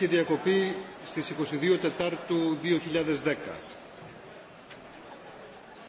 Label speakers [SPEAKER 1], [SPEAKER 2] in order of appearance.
[SPEAKER 1] έχει διακοπεί στις 22 Τετάρτου 2010.